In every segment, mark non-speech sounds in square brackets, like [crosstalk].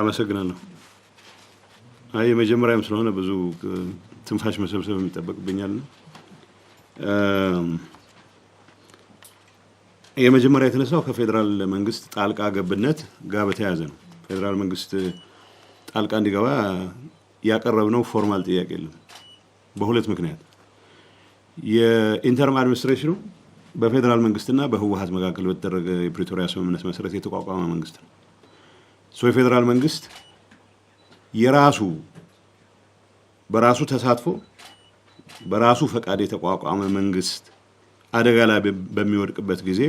አመሰግናለሁ። አይ የመጀመሪያም ስለሆነ ብዙ ትንፋሽ መሰብሰብ የሚጠበቅብኛል። የመጀመሪያ የተነሳው ከፌዴራል መንግስት ጣልቃ ገብነት ጋር በተያያዘ ነው። ፌዴራል መንግስት ጣልቃ እንዲገባ ያቀረብነው ፎርማል ጥያቄ የለም። በሁለት ምክንያት የኢንተርም አድሚኒስትሬሽኑ በፌዴራል መንግስትና በህወሀት መካከል በተደረገ የፕሪቶሪያ ስምምነት መሰረት የተቋቋመ መንግስት ነው። ሶ የፌዴራል መንግስት የራሱ በራሱ ተሳትፎ በራሱ ፈቃድ የተቋቋመ መንግስት አደጋ ላይ በሚወድቅበት ጊዜ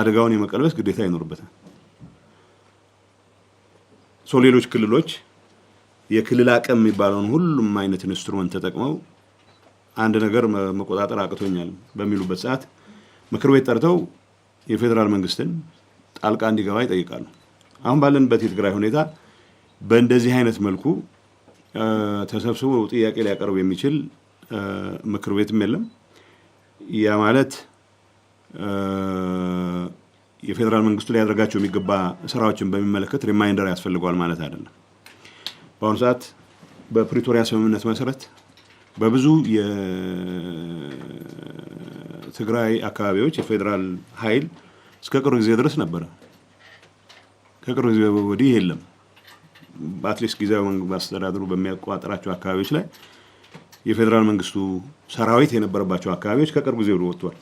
አደጋውን የመቀልበስ ግዴታ ይኖርበታል። ሶ ሌሎች ክልሎች የክልል አቅም የሚባለውን ሁሉም አይነት ኢንስትሩመንት ተጠቅመው አንድ ነገር መቆጣጠር አቅቶኛል በሚሉበት ሰዓት ምክር ቤት ጠርተው የፌዴራል መንግስትን ጣልቃ እንዲገባ ይጠይቃሉ። አሁን ባለንበት የትግራይ ሁኔታ በእንደዚህ አይነት መልኩ ተሰብስቦ ጥያቄ ሊያቀርብ የሚችል ምክር ቤትም የለም። ያ ማለት የፌዴራል መንግስቱ ሊያደርጋቸው የሚገባ ስራዎችን በሚመለከት ሪማይንደር ያስፈልገዋል ማለት አይደለም። በአሁኑ ሰዓት በፕሪቶሪያ ስምምነት መሰረት በብዙ የትግራይ አካባቢዎች የፌዴራል ኃይል እስከ ቅርብ ጊዜ ድረስ ነበረ። ከቅርብ ጊዜ ወዲህ የለም። በአትሊስት ጊዜያዊ አስተዳደሩ በሚያቋጥራቸው አካባቢዎች ላይ የፌዴራል መንግስቱ ሰራዊት የነበረባቸው አካባቢዎች ከቅርብ ጊዜ ወዲህ ወጥቷል።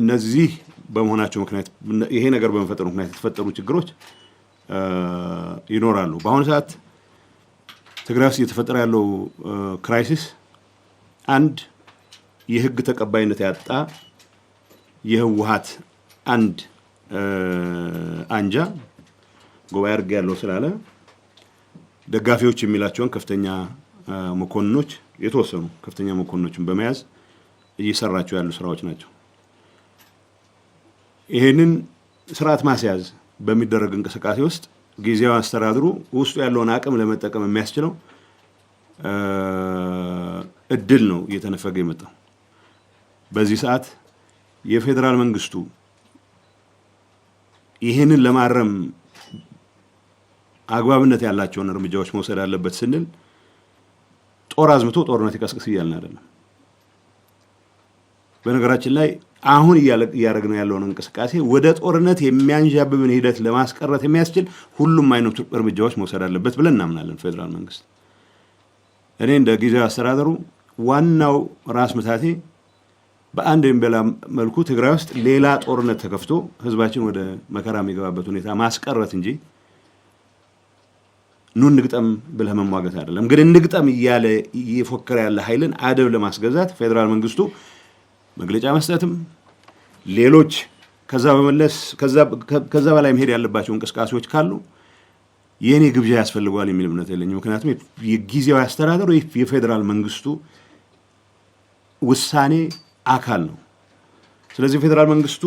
እነዚህ በመሆናቸው ምክንያት ይሄ ነገር በመፈጠሩ ምክንያት የተፈጠሩ ችግሮች ይኖራሉ። በአሁኑ ሰዓት ትግራይ ውስጥ እየተፈጠረ ያለው ክራይሲስ አንድ የህግ ተቀባይነት ያጣ የህወሀት አንድ አንጃ ጉባኤ አድርጌ ያለው ስላለ ደጋፊዎች የሚላቸውን ከፍተኛ መኮንኖች የተወሰኑ ከፍተኛ መኮንኖችን በመያዝ እየሰራቸው ያሉ ስራዎች ናቸው። ይህንን ስርዓት ማስያዝ በሚደረግ እንቅስቃሴ ውስጥ ጊዜያዊ አስተዳድሩ ውስጡ ያለውን አቅም ለመጠቀም የሚያስችለው እድል ነው እየተነፈገ የመጣው። በዚህ ሰዓት የፌዴራል መንግስቱ ይህንን ለማረም አግባብነት ያላቸውን እርምጃዎች መውሰድ አለበት ስንል ጦር አዝምቶ ጦርነት ይቀስቅስ እያልን አይደለም። በነገራችን ላይ አሁን እያደረግነው ያለውን እንቅስቃሴ ወደ ጦርነት የሚያንዣብብን ሂደት ለማስቀረት የሚያስችል ሁሉም አይነት እርምጃዎች መውሰድ አለበት ብለን እናምናለን። ፌዴራል መንግስት እኔ እንደ ጊዜያዊ አስተዳደሩ ዋናው ራስ ምታቴ በአንድ ወይም መልኩ ትግራይ ውስጥ ሌላ ጦርነት ተከፍቶ ህዝባችን ወደ መከራ የሚገባበት ሁኔታ ማስቀረት እንጂ ኑ እንግጠም ብለህ መሟገት አይደለም። ግን እንግጠም እያለ እየፎከረ ያለ ኃይልን አደብ ለማስገዛት ፌዴራል መንግስቱ መግለጫ መስጠትም ሌሎች ከዛ በመለስ ከዛ በላይ መሄድ ያለባቸው እንቅስቃሴዎች ካሉ የእኔ ግብዣ ያስፈልገዋል የሚል እምነት የለኝ። ምክንያቱም የጊዜያዊ አስተዳደሩ የፌዴራል መንግስቱ ውሳኔ አካል ነው። ስለዚህ ፌዴራል መንግስቱ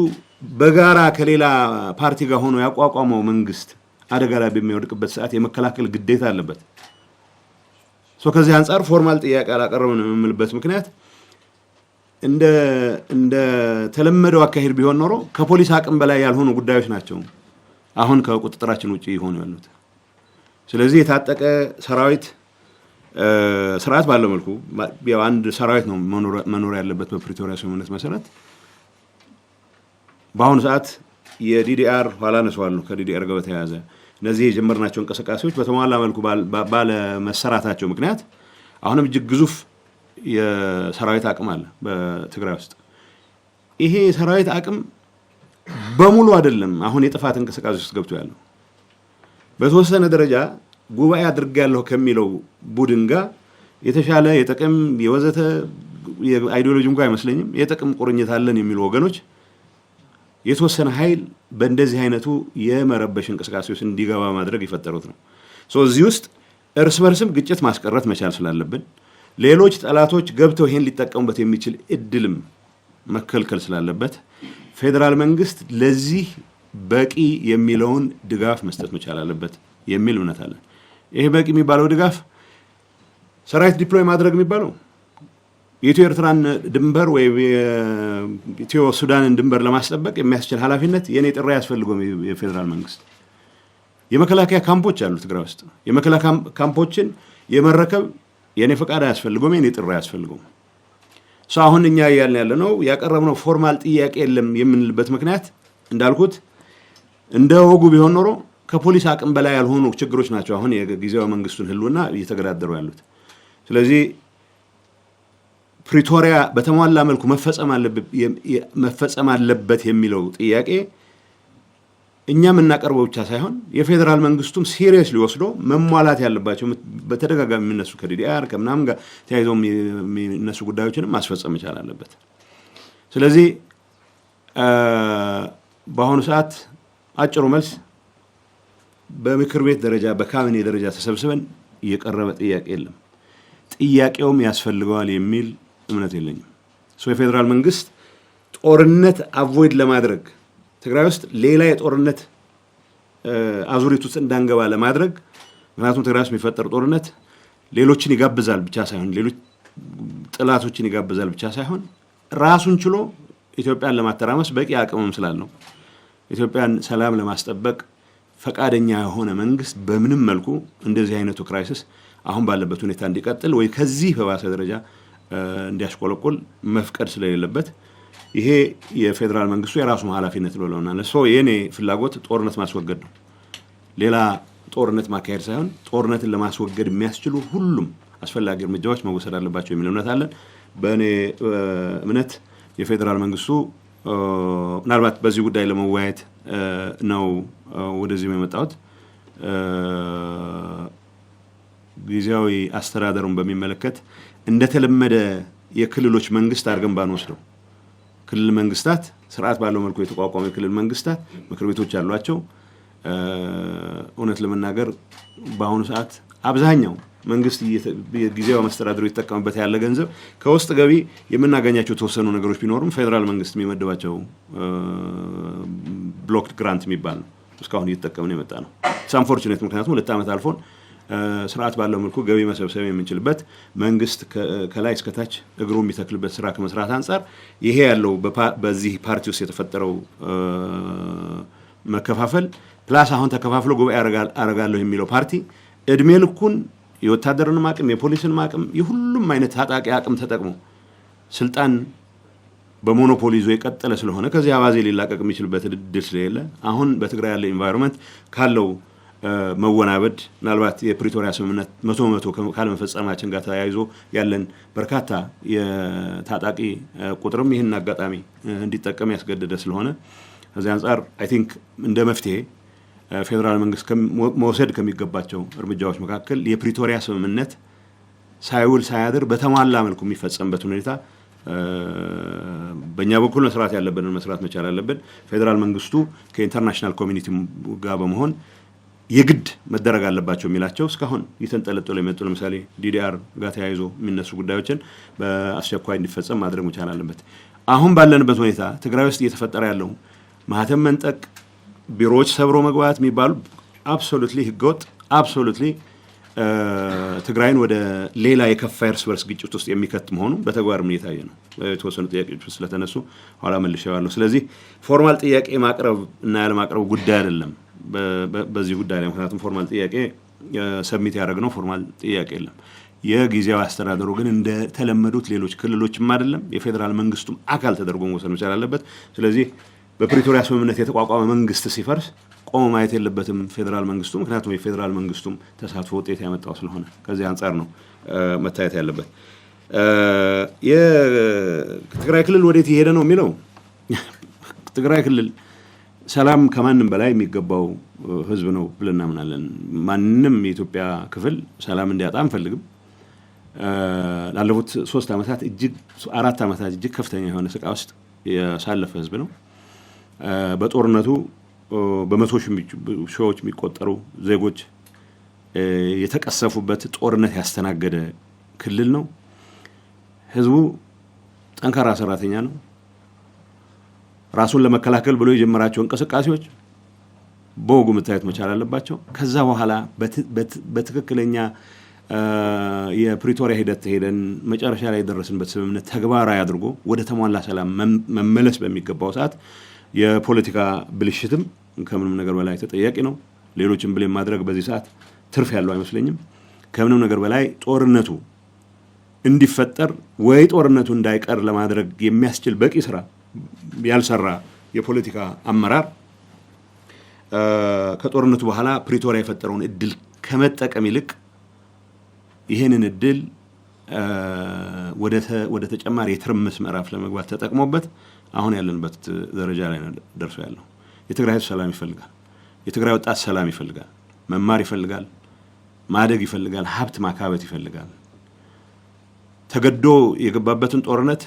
በጋራ ከሌላ ፓርቲ ጋር ሆኖ ያቋቋመው መንግስት አደጋ ላይ በሚወድቅበት ሰዓት የመከላከል ግዴታ አለበት። ከዚህ አንጻር ፎርማል ጥያቄ አላቀረብንም የምልበት ምክንያት እንደ ተለመደው አካሄድ ቢሆን ኖሮ ከፖሊስ አቅም በላይ ያልሆኑ ጉዳዮች ናቸው አሁን ከቁጥጥራችን ውጭ ይሆኑ ያሉት። ስለዚህ የታጠቀ ሰራዊት ስርዓት ባለው መልኩ አንድ ሰራዊት ነው መኖር ያለበት በፕሪቶሪያ ስምምነት መሰረት። በአሁኑ ሰዓት የዲዲአር ኋላ ነው ከዲዲአር ጋር በተያያዘ እነዚህ የጀመርናቸው እንቅስቃሴዎች በተሟላ መልኩ ባለመሰራታቸው ምክንያት አሁንም እጅግ ግዙፍ የሰራዊት አቅም አለ በትግራይ ውስጥ። ይሄ የሰራዊት አቅም በሙሉ አይደለም አሁን የጥፋት እንቅስቃሴ ውስጥ ገብቶ ያለው በተወሰነ ደረጃ ጉባኤ አድርጋለሁ ከሚለው ቡድን ጋር የተሻለ የጥቅም የወዘተ አይዲዮሎጂ እንኳ አይመስለኝም የጥቅም ቁርኝት አለን የሚሉ ወገኖች የተወሰነ ኃይል በእንደዚህ አይነቱ የመረበሽ እንቅስቃሴ ውስጥ እንዲገባ ማድረግ የፈጠሩት ነው። እዚህ ውስጥ እርስ በርስም ግጭት ማስቀረት መቻል ስላለብን፣ ሌሎች ጠላቶች ገብተው ይሄን ሊጠቀሙበት የሚችል እድልም መከልከል ስላለበት ፌዴራል መንግስት ለዚህ በቂ የሚለውን ድጋፍ መስጠት መቻል አለበት የሚል እምነት አለን። ይሄ በቂ የሚባለው ድጋፍ ሰራዊት ዲፕሎይ ማድረግ የሚባለው የኢትዮ ኤርትራን ድንበር ወይም የኢትዮ ሱዳንን ድንበር ለማስጠበቅ የሚያስችል ኃላፊነት የእኔ ጥሪ አያስፈልገውም። የፌዴራል መንግስት የመከላከያ ካምፖች አሉ ትግራይ ውስጥ። የመከላከያ ካምፖችን የመረከብ የእኔ ፈቃድ አያስፈልገውም፣ የእኔ ጥሪ አያስፈልገውም። ሰው አሁን እኛ እያልን ያለ ነው ያቀረብነው ፎርማል ጥያቄ የለም የምንልበት ምክንያት እንዳልኩት እንደ ወጉ ቢሆን ኖሮ ከፖሊስ አቅም በላይ ያልሆኑ ችግሮች ናቸው አሁን የጊዜያዊ መንግስቱን ህልውና እየተገዳደሩ ያሉት። ስለዚህ ፕሪቶሪያ በተሟላ መልኩ መፈጸም አለበት የሚለው ጥያቄ እኛ የምናቀርበው ብቻ ሳይሆን የፌዴራል መንግስቱም ሲሪየስ ሊወስዶ መሟላት ያለባቸው በተደጋጋሚ የሚነሱ ከዲዲአር ከምናምን ጋር ተያይዘው የሚነሱ ጉዳዮችንም ማስፈጸም መቻል አለበት። ስለዚህ በአሁኑ ሰዓት አጭሩ መልስ በምክር ቤት ደረጃ በካቢኔ ደረጃ ተሰብስበን የቀረበ ጥያቄ የለም። ጥያቄውም ያስፈልገዋል የሚል እምነት የለኝም። ሶ የፌዴራል መንግስት ጦርነት አቮይድ ለማድረግ ትግራይ ውስጥ ሌላ የጦርነት አዙሪት ውስጥ እንዳንገባ ለማድረግ ምክንያቱም ትግራይ ውስጥ የሚፈጠር ጦርነት ሌሎችን ይጋብዛል ብቻ ሳይሆን ሌሎች ጥላቶችን ይጋብዛል ብቻ ሳይሆን ራሱን ችሎ ኢትዮጵያን ለማተራመስ በቂ አቅምም ስላለው ኢትዮጵያን ሰላም ለማስጠበቅ ፈቃደኛ የሆነ መንግስት በምንም መልኩ እንደዚህ አይነቱ ክራይሲስ አሁን ባለበት ሁኔታ እንዲቀጥል ወይ ከዚህ በባሰ ደረጃ እንዲያሽቆለቆል መፍቀድ ስለሌለበት ይሄ የፌዴራል መንግስቱ የራሱ ኃላፊነት ብለውናል። ሶ የእኔ ፍላጎት ጦርነት ማስወገድ ነው። ሌላ ጦርነት ማካሄድ ሳይሆን ጦርነትን ለማስወገድ የሚያስችሉ ሁሉም አስፈላጊ እርምጃዎች መወሰድ አለባቸው የሚል እምነት አለን። በእኔ እምነት የፌዴራል መንግስቱ ምናልባት በዚህ ጉዳይ ለመወያየት ነው ወደዚህም የመጣሁት። ጊዜያዊ አስተዳደሩን በሚመለከት እንደተለመደ የክልሎች መንግስት አድርገን ባንወስደው ክልል መንግስታት ስርዓት ባለው መልኩ የተቋቋሙ የክልል መንግስታት ምክር ቤቶች አሏቸው። እውነት ለመናገር በአሁኑ ሰዓት አብዛኛው መንግስት ጊዜያዊ መስተዳድሩ የተጠቀምበት ያለ ገንዘብ ከውስጥ ገቢ የምናገኛቸው የተወሰኑ ነገሮች ቢኖሩም ፌዴራል መንግስት የሚመድባቸው ብሎክድ ግራንት የሚባል ነው። እስካሁን እየተጠቀምን የመጣ ነው። አንፎርቹኔት ምክንያቱም ሁለት ዓመት አልፎን ስርዓት ባለው መልኩ ገቢ መሰብሰብ የምንችልበት መንግስት ከላይ እስከታች እግሩ የሚተክልበት ስራ ከመስራት አንጻር ይሄ ያለው በዚህ ፓርቲ ውስጥ የተፈጠረው መከፋፈል ፕላስ አሁን ተከፋፍሎ ጉባኤ አረጋለሁ የሚለው ፓርቲ እድሜ ልኩን የወታደርንም አቅም የፖሊስንም አቅም የሁሉም አይነት ታጣቂ አቅም ተጠቅሞ ስልጣን በሞኖፖሊ ይዞ የቀጠለ ስለሆነ ከዚህ አባዜ ሊላቀቅ የሚችልበት እድል ስለሌለ አሁን በትግራይ ያለ ኢንቫይሮንመንት ካለው መወናበድ ምናልባት የፕሪቶሪያ ስምምነት መቶ በመቶ ካለመፈጸማችን ጋር ተያይዞ ያለን በርካታ የታጣቂ ቁጥርም ይህን አጋጣሚ እንዲጠቀም ያስገደደ ስለሆነ ከዚህ አንጻር አይ ቲንክ እንደ መፍትሄ ፌዴራል መንግስት መውሰድ ከሚገባቸው እርምጃዎች መካከል የፕሪቶሪያ ስምምነት ሳይውል ሳያድር በተሟላ መልኩ የሚፈጸምበት ሁኔታ በእኛ በኩል መስራት ያለብንን መስራት መቻል አለብን። ፌዴራል መንግስቱ ከኢንተርናሽናል ኮሚኒቲ ጋር በመሆን የግድ መደረግ አለባቸው የሚላቸው እስካሁን እየተንጠለጠሉ የመጡ ለምሳሌ ዲዲአር ጋር ተያይዞ የሚነሱ ጉዳዮችን በአስቸኳይ እንዲፈጸም ማድረግ መቻል አለበት። አሁን ባለንበት ሁኔታ ትግራይ ውስጥ እየተፈጠረ ያለው ማህተም መንጠቅ፣ ቢሮዎች ሰብሮ መግባት የሚባሉ አብሶሉትሊ ህገወጥ አብሶሉትሊ ትግራይን ወደ ሌላ የከፋ እርስ በርስ ግጭት ውስጥ የሚከት መሆኑ በተግባርም እየታየ ነው። የተወሰኑ ጥያቄዎች ስለተነሱ ኋላ መልሼዋለሁ። ስለዚህ ፎርማል ጥያቄ ማቅረብ እና ያለማቅረብ ጉዳይ አይደለም በዚህ ጉዳይ ላይ ምክንያቱም ፎርማል ጥያቄ ሰሚት ያደረግነው ፎርማል ጥያቄ የለም። የጊዜያዊ አስተዳደሩ ግን እንደተለመዱት ሌሎች ክልሎችም አይደለም የፌዴራል መንግስቱም አካል ተደርጎ መውሰድ መቻል አለበት። ስለዚህ በፕሪቶሪያ ስምምነት የተቋቋመ መንግስት ሲፈርስ ቆሞ ማየት የለበትም ፌዴራል መንግስቱ። ምክንያቱም የፌዴራል መንግስቱም ተሳትፎ ውጤት ያመጣው ስለሆነ ከዚህ አንጻር ነው መታየት ያለበት። የትግራይ ክልል ወዴት እየሄደ ነው የሚለው [laughs] ትግራይ ክልል ሰላም ከማንም በላይ የሚገባው ህዝብ ነው ብለን እናምናለን። ማንም የኢትዮጵያ ክፍል ሰላም እንዲያጣ አንፈልግም። ላለፉት ሶስት ዓመታት እጅግ አራት ዓመታት እጅግ ከፍተኛ የሆነ ስቃ ውስጥ ያሳለፈ ህዝብ ነው። በጦርነቱ በመቶ ሺዎች የሚቆጠሩ ዜጎች የተቀሰፉበት ጦርነት ያስተናገደ ክልል ነው። ህዝቡ ጠንካራ ሰራተኛ ነው። ራሱን ለመከላከል ብሎ የጀመራቸው እንቅስቃሴዎች በወጉ መታየት መቻል አለባቸው። ከዛ በኋላ በትክክለኛ የፕሪቶሪያ ሂደት ሄደን መጨረሻ ላይ የደረስንበት ስምምነት ተግባራዊ አድርጎ ወደ ተሟላ ሰላም መመለስ በሚገባው ሰዓት የፖለቲካ ብልሽትም ከምንም ነገር በላይ ተጠያቂ ነው። ሌሎችን ብሌም ማድረግ በዚህ ሰዓት ትርፍ ያለው አይመስለኝም። ከምንም ነገር በላይ ጦርነቱ እንዲፈጠር ወይ ጦርነቱ እንዳይቀር ለማድረግ የሚያስችል በቂ ስራ ያልሰራ የፖለቲካ አመራር ከጦርነቱ በኋላ ፕሪቶሪያ የፈጠረውን እድል ከመጠቀም ይልቅ ይህንን እድል ወደ ተጨማሪ የትርምስ ምዕራፍ ለመግባት ተጠቅሞበት አሁን ያለንበት ደረጃ ላይ ደርሶ ያለው። የትግራይ ህዝብ ሰላም ይፈልጋል። የትግራይ ወጣት ሰላም ይፈልጋል። መማር ይፈልጋል። ማደግ ይፈልጋል። ሀብት ማካበት ይፈልጋል። ተገዶ የገባበትን ጦርነት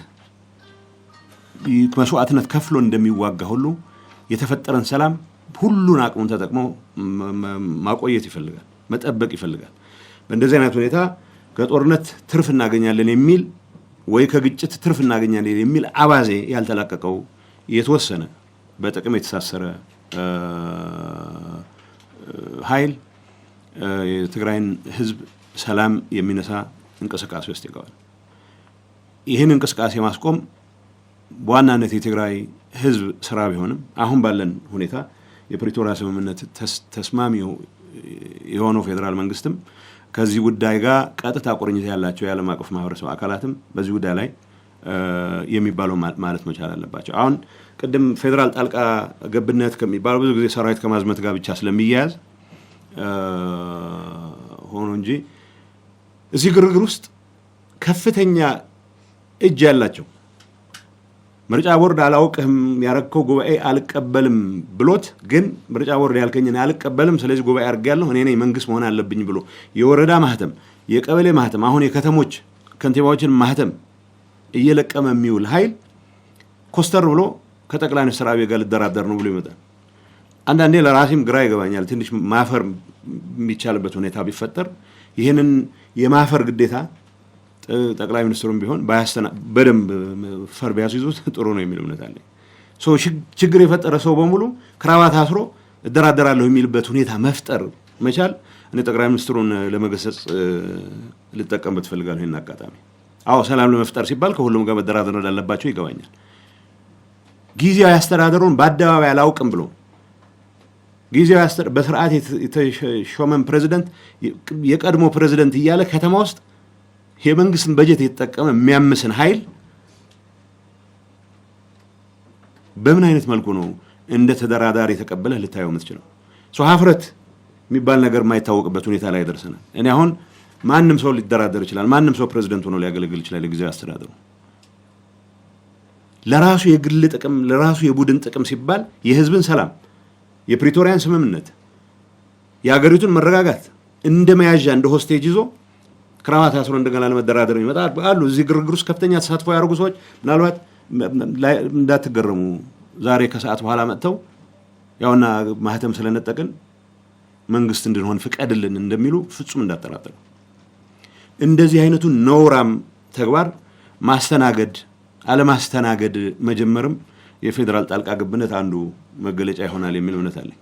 መስዋዕትነት ከፍሎ እንደሚዋጋ ሁሉ የተፈጠረን ሰላም ሁሉን አቅሙን ተጠቅሞ ማቆየት ይፈልጋል፣ መጠበቅ ይፈልጋል። በእንደዚህ አይነት ሁኔታ ከጦርነት ትርፍ እናገኛለን የሚል ወይ ከግጭት ትርፍ እናገኛለን የሚል አባዜ ያልተላቀቀው የተወሰነ በጥቅም የተሳሰረ ኃይል የትግራይን ህዝብ ሰላም የሚነሳ እንቅስቃሴ ውስጥ ይገባል። ይህን እንቅስቃሴ ማስቆም በዋናነት የትግራይ ህዝብ ስራ ቢሆንም አሁን ባለን ሁኔታ የፕሪቶሪያ ስምምነት ተስማሚ የሆነው ፌዴራል መንግስትም ከዚህ ጉዳይ ጋር ቀጥታ ቁርኝት ያላቸው የዓለም አቀፍ ማህበረሰብ አካላትም በዚህ ጉዳይ ላይ የሚባለው ማለት መቻል አለባቸው። አሁን ቅድም ፌዴራል ጣልቃ ገብነት ከሚባለው ብዙ ጊዜ ሰራዊት ከማዝመት ጋር ብቻ ስለሚያያዝ ሆኖ እንጂ እዚህ ግርግር ውስጥ ከፍተኛ እጅ ያላቸው ምርጫ ቦርድ አላውቅህም ያረከው ጉባኤ አልቀበልም ብሎት፣ ግን ምርጫ ቦርድ ያልከኝን አልቀበልም፣ ስለዚህ ጉባኤ አድርጌያለሁ እኔ ነኝ መንግስት መሆን አለብኝ ብሎ የወረዳ ማህተም፣ የቀበሌ ማህተም፣ አሁን የከተሞች ከንቲባዎችን ማህተም እየለቀመ የሚውል ኃይል ኮስተር ብሎ ከጠቅላይ ሚኒስትር አብይ ጋር ልደራደር ነው ብሎ ይመጣል። አንዳንዴ ለራሴም ግራ ይገባኛል። ትንሽ ማፈር የሚቻልበት ሁኔታ ቢፈጠር ይህንን የማፈር ግዴታ ጠቅላይ ሚኒስትሩም ቢሆን በደንብ ፈር ቢያስ ይዙት ጥሩ ነው የሚል እምነት አለኝ። ችግር የፈጠረ ሰው በሙሉ ክራባት አስሮ እደራደራለሁ የሚልበት ሁኔታ መፍጠር መቻል እኔ ጠቅላይ ሚኒስትሩን ለመገሰጽ ልጠቀምበት እፈልጋለሁ ይህን አጋጣሚ። አዎ ሰላም ለመፍጠር ሲባል ከሁሉም ጋር መደራደር እንዳለባቸው ይገባኛል። ጊዜያዊ አስተዳደሩን በአደባባይ አላውቅም ብሎ ጊዜያዊ በስርዓት የተሾመን ፕሬዚደንት የቀድሞ ፕሬዚደንት እያለ ከተማ ውስጥ የመንግስትን በጀት የተጠቀመ የሚያምስን ኃይል በምን አይነት መልኩ ነው እንደ ተደራዳሪ የተቀበለ ልታየው የምትችለው? ሰው ሀፍረት የሚባል ነገር የማይታወቅበት ሁኔታ ላይ ደርሰናል። እኔ አሁን ማንም ሰው ሊደራደር ይችላል። ማንም ሰው ፕሬዚደንት ሆኖ ሊያገለግል ይችላል። የጊዜያዊ አስተዳደሩ ለራሱ የግል ጥቅም፣ ለራሱ የቡድን ጥቅም ሲባል የህዝብን ሰላም፣ የፕሪቶሪያን ስምምነት፣ የሀገሪቱን መረጋጋት እንደ መያዣ እንደ ሆስቴጅ ይዞ ክራባት አስሮ እንደገና ለመደራደር የሚመጣ አሉ። እዚህ ግርግር ውስጥ ከፍተኛ ተሳትፎ ያደርጉ ሰዎች ምናልባት እንዳትገረሙ ዛሬ ከሰዓት በኋላ መጥተው ያውና ማህተም ስለነጠቅን መንግስት እንድንሆን ፍቀድልን እንደሚሉ ፍጹም እንዳጠራጠሩ። እንደዚህ አይነቱ ነውራም ተግባር ማስተናገድ አለማስተናገድ መጀመርም የፌዴራል ጣልቃ ገብነት አንዱ መገለጫ ይሆናል የሚል እምነት አለኝ።